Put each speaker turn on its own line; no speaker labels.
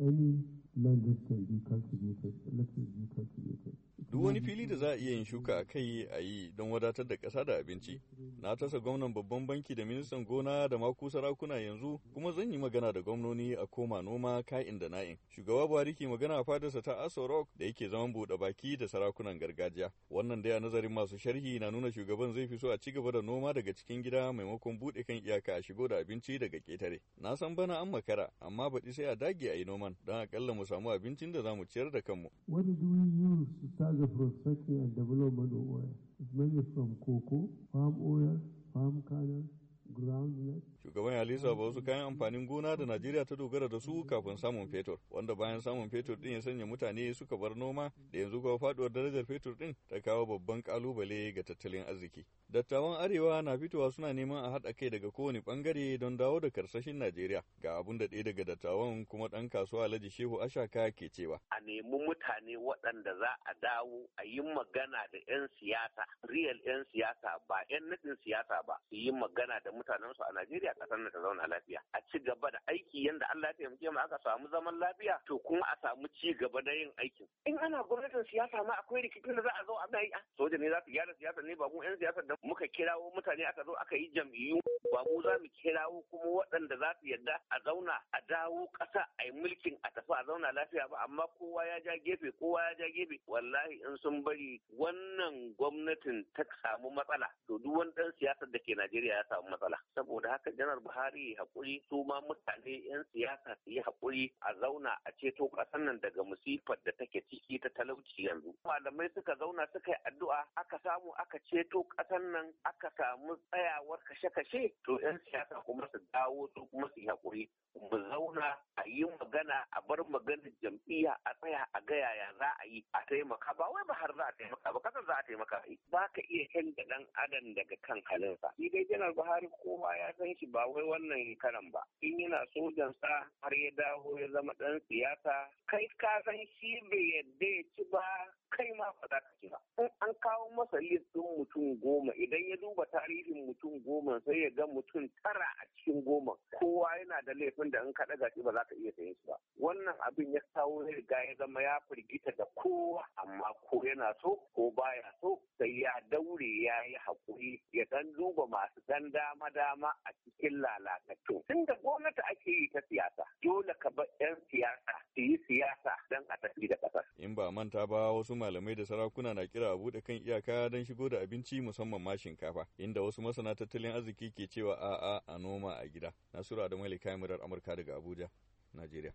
any mm. Duk
wani fili da za a iya yin shuka a kai a yi don wadatar da ƙasa da abinci. Na tasa gwamnan babban banki da ministan gona da maku sarakuna yanzu kuma zan yi magana da gwamnoni a koma noma ka'in da na'in. Shugaba Buhari ke magana a fadarsa ta Aso Rock da yake zaman buɗe baki da sarakunan gargajiya. Wannan dai a nazarin masu sharhi na nuna shugaban zai fi so a ci gaba da noma daga cikin gida maimakon buɗe kan iyaka a shigo da abinci daga ƙetare. Na san bana an makara amma baɗi sai a dage a yi noman don aƙalla samu abincin da za mu ciyar da kanmu.
What do we use to target prospecting and development of oil? It's mainly from cocoa, palm oil, palm
lisa wasu kayan amfanin gona da Najeriya ta dogara da su kafin samun fetur, wanda bayan samun fetur din ya sanya mutane suka bar noma da yanzu kuma faduwar darajar fetur din ta kawo babban kalubale ga tattalin arziki. Dattawan Arewa na fitowa suna neman a haɗa kai daga kowane bangare don dawo da karsashin Najeriya ga abun da ɗaya daga dattawan kuma ɗan kasuwa Alhaji Shehu Ashaka ke cewa.
A nemi mutane waɗanda za a dawo a yi magana da 'yan siyasa, real 'yan siyasa ba 'yan nufin siyasa ba, su yi magana da mutanensu a Najeriya ƙasar zauna lafiya a ci gaba da aiki yanda Allah ya taimake mu aka samu zaman lafiya to kuma a samu ci gaba da yin aikin in ana gwamnatin siyasa ma akwai rikicin da za a zo a yi ah. soja ne za su gyara siyasa ne ba mu yan siyasa da muka kirawo mutane aka zo aka yi jam'iyyu ba mu za mu kirawo kuma waɗanda za su yarda a zauna a dawo ƙasa a yi mulkin a tafi a zauna lafiya ba amma kowa ya ja gefe kowa ya ja gefe wallahi in sun bari wannan gwamnatin ta samu matsala to duk wani ɗan siyasar da ke Najeriya ya samu matsala saboda haka janar Buhari ya haƙuri su ma mutane 'yan siyasa su yi haƙuri a zauna a ceto ƙasar nan daga musifar da take ciki ta talauci yanzu. Malamai suka zauna suka yi addu'a aka samu aka ceto ƙasar nan aka samu tsayawar kashe-kashe to 'yan siyasa kuma su dawo su kuma su yi haƙuri. Mu zauna a yi magana a bar maganar jam'iyya a tsaya a ga yaya za a yi a taimaka ba wai ba har za a taimaka ba kasar za a taimaka ba ka iya canza ɗan adam daga kan halinsa. Shi dai janar Buhari kowa ya san shi ba wai wannan karan ba in yana sojan sa har ya dawo ya zama dan siyasa kai ka san shi bai yadda ya ci ba kai ma ba za ka ci ba in an kawo masa list mutum goma idan ya duba tarihin mutum goma sai ya ga mutum tara a cikin goma kowa yana da laifin da in ka gashi shi ba za ka iya sayen shi ba wannan abin ya kawo ya riga ya zama ya firgita da kowa amma ko yana so ko baya so sai ya daure ya yi haƙuri ya dan duba masu dan dama dama a cikin lalatattu tunda gwamnati ake yi ta siya
manta ba wasu malamai da sarakuna na kira a buɗe kan iyaka don shigo da abinci musamman ma shinkafa inda wasu masana tattalin arziki ke cewa a'a a noma a gida. Nasiru da malika murar Amurka daga Abuja, Najeriya.